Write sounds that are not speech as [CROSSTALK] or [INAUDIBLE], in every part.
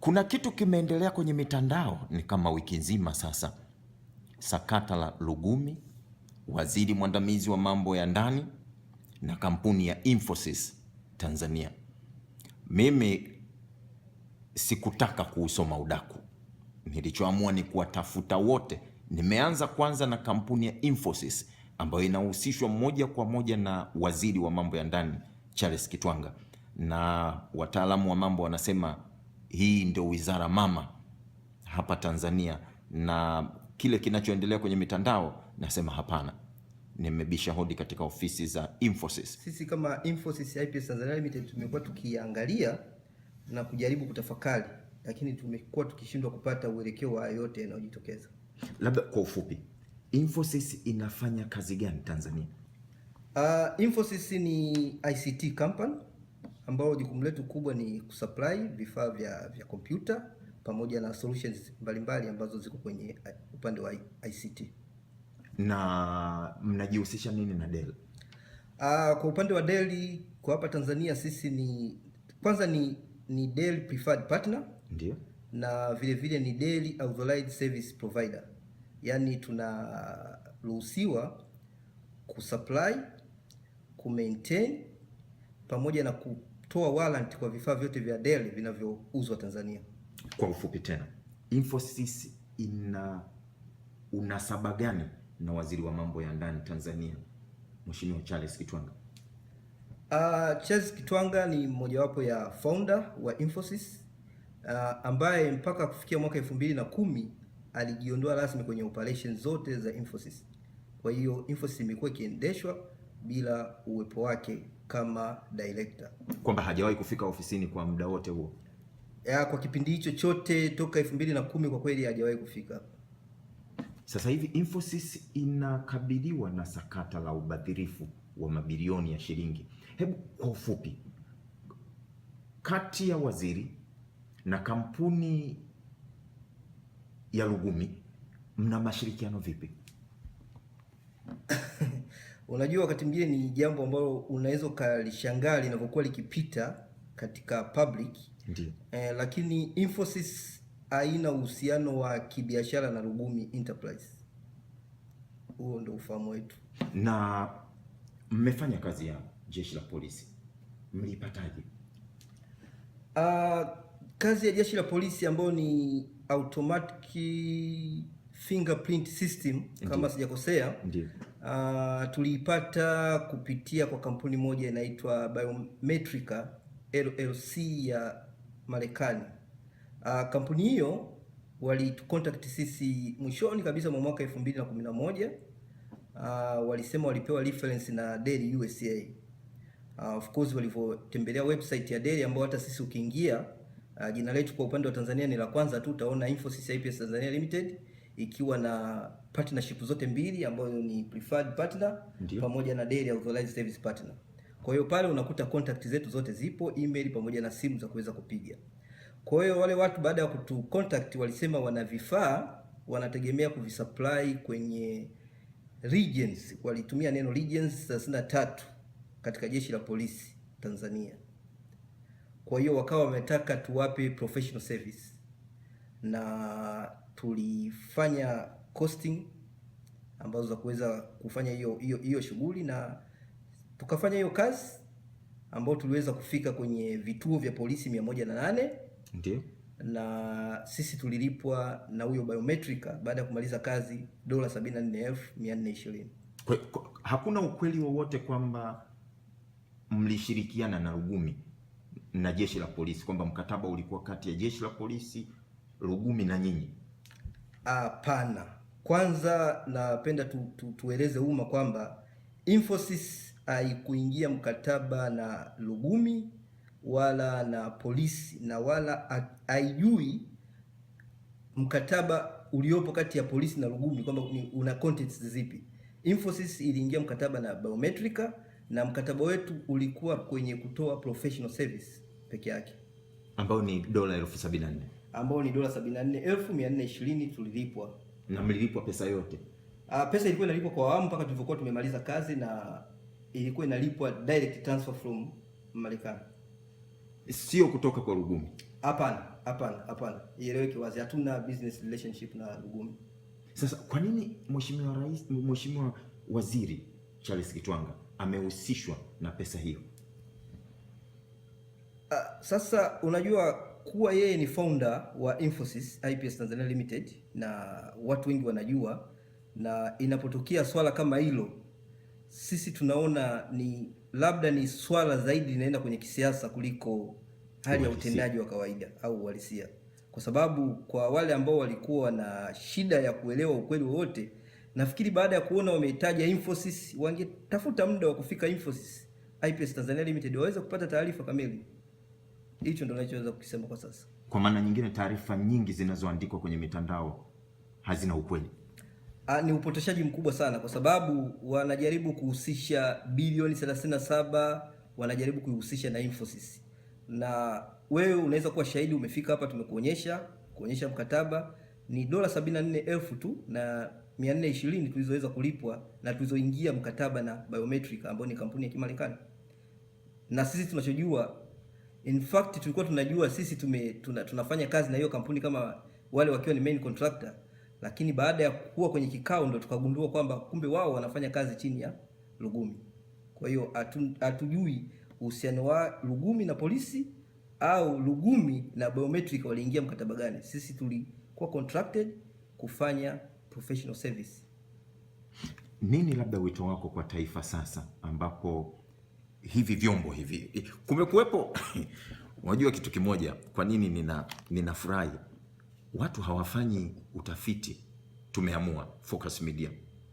kuna kitu kimeendelea kwenye mitandao, ni kama wiki nzima sasa, sakata la Lugumi, waziri mwandamizi wa mambo ya ndani na kampuni ya Infosys Tanzania. Mimi sikutaka kuusoma udaku, nilichoamua ni kuwatafuta wote. Nimeanza kwanza na kampuni ya Infosys ambayo inahusishwa moja kwa moja na waziri wa mambo ya ndani Charles Kitwanga, na wataalamu wa mambo wanasema hii ndio wizara mama hapa Tanzania, na kile kinachoendelea kwenye mitandao nasema hapana. Nimebisha hodi katika ofisi za Infosys. Sisi kama Infosys IPS Tanzania Limited tumekuwa tukiangalia na kujaribu kutafakari, lakini tumekuwa tukishindwa kupata uelekeo wa yote yanayojitokeza. Labda kwa ufupi, Infosys inafanya kazi gani Tanzania? Uh, Infosys ni ICT company ambao jukumu letu kubwa ni kusupply vifaa vya vya kompyuta pamoja na solutions mbalimbali mbali ambazo ziko kwenye uh, upande wa ICT. Na mnajihusisha nini na Dell? Uh, kwa upande wa Dell kwa hapa Tanzania sisi ni kwanza ni ni Dell preferred partner Ndiyo. na vile vile ni Dell authorized service provider, yaani tunaruhusiwa kusupply kumaintain pamoja na ku kutoa warrant kwa vifaa vyote vya Dell vinavyouzwa Tanzania. Kwa ufupi tena, Infosys ina unasaba gani na waziri wa mambo ya ndani Tanzania Mheshimiwa Charles Kitwanga? Uh, Charles Kitwanga ni mojawapo ya founder wa Infosys uh, ambaye mpaka kufikia mwaka elfu mbili na kumi alijiondoa rasmi kwenye operation zote za Infosys. Kwa hiyo Infosys imekuwa ikiendeshwa bila uwepo wake kama director, kwamba hajawahi kufika ofisini kwa muda wote huo ya, kwa kipindi hicho chote toka 2010 kwa kweli hajawahi kufika. Sasa hivi Infosys inakabiliwa na sakata la ubadhirifu wa mabilioni ya shilingi. Hebu kwa ufupi, kati ya waziri na kampuni ya Lugumi mna mashirikiano vipi? Unajua, wakati mwingine ni jambo ambalo unaweza ukalishangaa linavyokuwa likipita katika public eh, lakini Infosys haina uhusiano wa kibiashara na rugumi Enterprise. Huo ndio ufahamu wetu. Na mmefanya kazi ya jeshi la polisi, mlipataje? Uh, kazi ya jeshi la polisi ambayo ni automatic fingerprint system kama sijakosea, Uh, tuliipata kupitia kwa kampuni moja inaitwa Biometrica LLC ya Marekani. Uh, kampuni hiyo walitucontact sisi mwishoni kabisa mwa mwaka 2011. Uh, ah, walisema walipewa reference na Dell USA. Uh, of course walivyotembelea website ya Dell ambayo hata sisi ukiingia, uh, jina letu kwa upande wa Tanzania ni la kwanza tu, utaona Infosys IPS Tanzania Limited ikiwa na partnership zote mbili ambayo ni preferred partner Ndiyo. pamoja na daily authorized service partner. Kwa hiyo pale unakuta contact zetu zote zipo, email pamoja na simu za kuweza kupiga. Kwa hiyo wale watu baada ya kutu contact walisema wana vifaa wanategemea kuvisupply kwenye regions, walitumia neno regions 33 katika jeshi la polisi Tanzania. Kwa hiyo wakawa wametaka tuwape professional service na tulifanya costing ambazo za kuweza kufanya hiyo hiyo hiyo shughuli na tukafanya hiyo kazi ambayo tuliweza kufika kwenye vituo vya polisi mia moja na nane ndio na sisi tulilipwa na huyo biometric baada ya kumaliza kazi dola 74,420. Hakuna ukweli wowote kwamba mlishirikiana na Rugumi na jeshi la polisi, kwamba mkataba ulikuwa kati ya jeshi la polisi Lugumi na nyinyi? Hapana. Kwanza napenda tu, tu, tueleze umma kwamba Infosys haikuingia mkataba na Lugumi wala na polisi na wala haijui mkataba uliopo kati ya polisi na Lugumi kwamba una contents zipi. Infosys iliingia mkataba na Biometrica na mkataba wetu ulikuwa kwenye kutoa professional service peke yake, ambao ni dola elfu sabini na nne ambao ni dola 74,420 tulilipwa. Na mlilipwa pesa yote? Ah, pesa ilikuwa inalipwa kwa awamu mpaka tulivyokuwa tumemaliza kazi na ilikuwa inalipwa direct transfer from Marekani, sio kutoka kwa Lugumi. Hapana, hapana, hapana, ieleweke wazi, hatuna business relationship na Lugumi. Sasa kwa nini mheshimiwa rais, mheshimiwa waziri Charles Kitwanga amehusishwa na pesa hiyo? Uh, sasa unajua kuwa yeye ni founder wa Infosys IPS Tanzania Limited na watu wengi wanajua, na inapotokea swala kama hilo, sisi tunaona ni labda ni swala zaidi linaenda kwenye kisiasa kuliko hali ya utendaji wa kawaida au uhalisia, kwa sababu kwa wale ambao walikuwa na shida ya kuelewa ukweli wowote, nafikiri baada ya kuona wameitaja Infosys, wangetafuta muda wa kufika Infosys IPS Tanzania Limited waweze kupata taarifa kamili. Hicho ndo nachoweza kukisema kwa sasa. Kwa maana nyingine, taarifa nyingi zinazoandikwa kwenye mitandao hazina ukweli. A, ah, ni upotoshaji mkubwa sana, kwa sababu wanajaribu kuhusisha bilioni 37 wanajaribu kuihusisha na Infosys, na wewe unaweza kuwa shahidi, umefika hapa, tumekuonyesha kuonyesha mkataba ni dola 74,000 tu na 420 tulizoweza kulipwa na tulizoingia mkataba na Biometric ambayo ni kampuni ya Kimarekani, na sisi tunachojua In fact tulikuwa tunajua sisi tume, tuna, tunafanya kazi na hiyo kampuni kama wale wakiwa ni main contractor, lakini baada ya kuwa kwenye kikao ndo tukagundua kwamba kumbe wao wanafanya kazi chini ya Lugumi. Kwa hiyo hatujui uhusiano wa Lugumi na polisi au Lugumi na Biometric waliingia mkataba gani. Sisi tulikuwa contracted kufanya professional service. Nini labda wito wako kwa taifa sasa ambapo hivi vyombo hivi kumekuwepo. [LAUGHS] Unajua kitu kimoja, kwa nini nina ninafurahi watu hawafanyi utafiti. Tumeamua Focus Media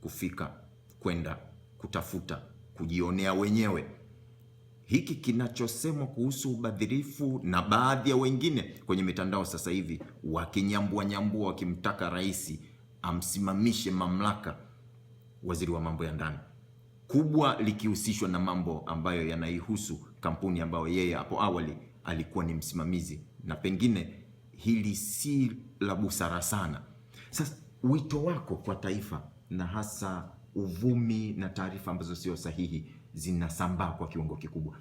kufika kwenda kutafuta kujionea wenyewe hiki kinachosemwa kuhusu ubadhirifu na baadhi ya wengine kwenye mitandao sasa hivi wakinyambua nyambua, wakimtaka rais amsimamishe mamlaka waziri wa mambo ya ndani kubwa likihusishwa na mambo ambayo yanaihusu kampuni ambayo yeye hapo awali alikuwa ni msimamizi, na pengine hili si la busara sana. Sasa wito wako kwa taifa, na hasa uvumi na taarifa ambazo sio sahihi zinasambaa kwa kiwango kikubwa,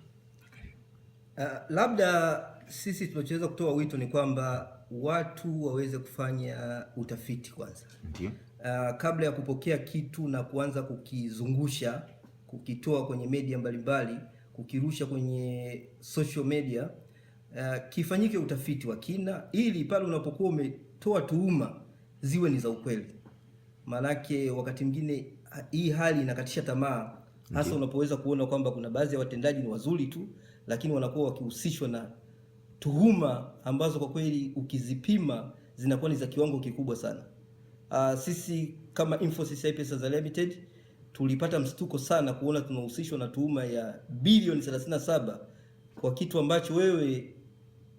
uh, labda sisi tunachoweza kutoa wito ni kwamba watu waweze kufanya utafiti kwanza, ndiyo uh, kabla ya kupokea kitu na kuanza kukizungusha, kukitoa kwenye media mbalimbali, kukirusha kwenye social media uh, kifanyike utafiti wa kina, ili pale unapokuwa umetoa tuhuma ziwe ni za ukweli. Maanake wakati mwingine hii hali inakatisha tamaa, hasa unapoweza kuona kwamba kuna baadhi ya watendaji ni wazuri tu, lakini wanakuwa wakihusishwa na tuhuma ambazo kwa kweli ukizipima zinakuwa ni za kiwango kikubwa sana. Uh, sisi kama InfoCCI Pesa Limited tulipata mshtuko sana kuona tunahusishwa na tuhuma ya bilioni 37 kwa kitu ambacho wewe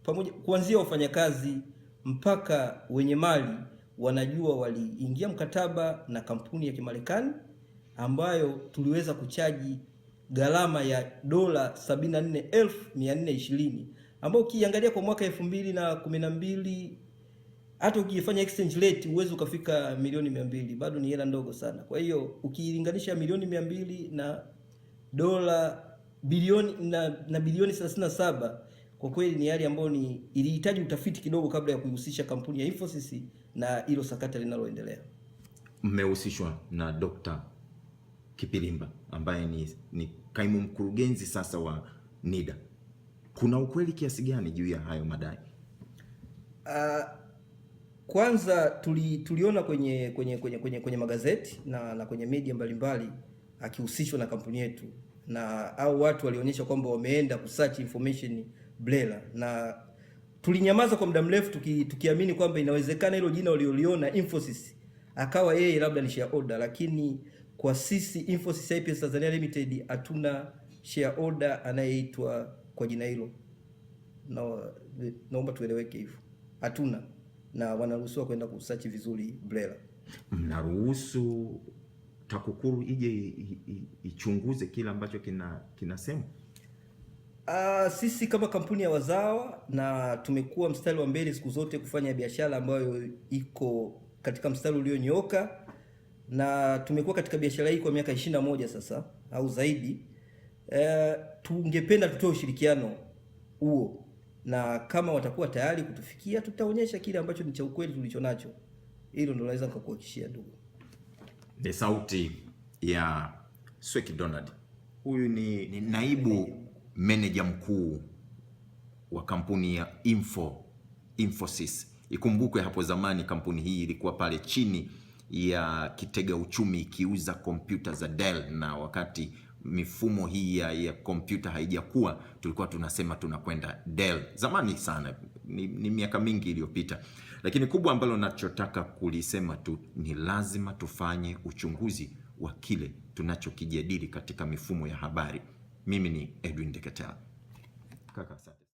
pamoja kuanzia wafanyakazi mpaka wenye mali wanajua waliingia mkataba na kampuni ya Kimarekani ambayo tuliweza kuchaji gharama ya dola 74,420 ambayo ukiangalia kwa mwaka 2012 hata ukifanya exchange rate uwezi ukafika milioni mia mbili, bado ni hela ndogo sana. Kwa hiyo ukilinganisha milioni mia mbili na dola bilioni na, na bilioni 37 kwa kweli ni hali ambayo ni ilihitaji utafiti kidogo kabla ya kuihusisha kampuni ya Infosys na hilo sakata linaloendelea. Mmehusishwa na Dr. Kipilimba ambaye ni, ni kaimu mkurugenzi sasa wa NIDA. Kuna ukweli kiasi gani juu ya hayo madai? Uh, kwanza tuli, tuliona kwenye, kwenye, kwenye, kwenye, kwenye magazeti na, na kwenye media mbalimbali akihusishwa na kampuni yetu na au watu walionyesha kwamba wameenda kusearch information Blela na tulinyamaza kwa muda mrefu tuki, tukiamini kwamba inawezekana hilo jina walioliona Infosys akawa yeye labda ni shareholder, lakini kwa sisi Infosys IPS Tanzania Limited hatuna shareholder anayeitwa kwa jina hilo. No, naomba tueleweke hivyo, hatuna na wanaruhusiwa kwenda kusachi vizuri BRELA. Mnaruhusu TAKUKURU ije ichunguze kile ambacho kina kinasema? Uh, ah, sisi kama kampuni ya wazawa na tumekuwa mstari wa mbele siku zote kufanya biashara ambayo iko katika mstari ulionyooka na tumekuwa katika biashara hii kwa miaka moja sasa au zaidi. Uh, tungependa tutoe ushirikiano huo na kama watakuwa tayari kutufikia, tutaonyesha kile ambacho ni cha ukweli tulicho nacho. Hilo ndo naweza nikakuhakikishia ndugu. Ni sauti ya Sweki Donald. Huyu ni, ni naibu meneja mkuu wa kampuni ya Info, Infosys. Ikumbukwe hapo zamani kampuni hii ilikuwa pale chini ya kitega uchumi ikiuza kompyuta za Dell na wakati mifumo hii ya, ya kompyuta haijakuwa, tulikuwa tunasema tunakwenda Dell zamani sana, ni, ni miaka mingi iliyopita. Lakini kubwa ambalo nachotaka kulisema tu ni lazima tufanye uchunguzi wa kile tunachokijadili katika mifumo ya habari. Mimi ni Edwin Deketela. Kaka, asante.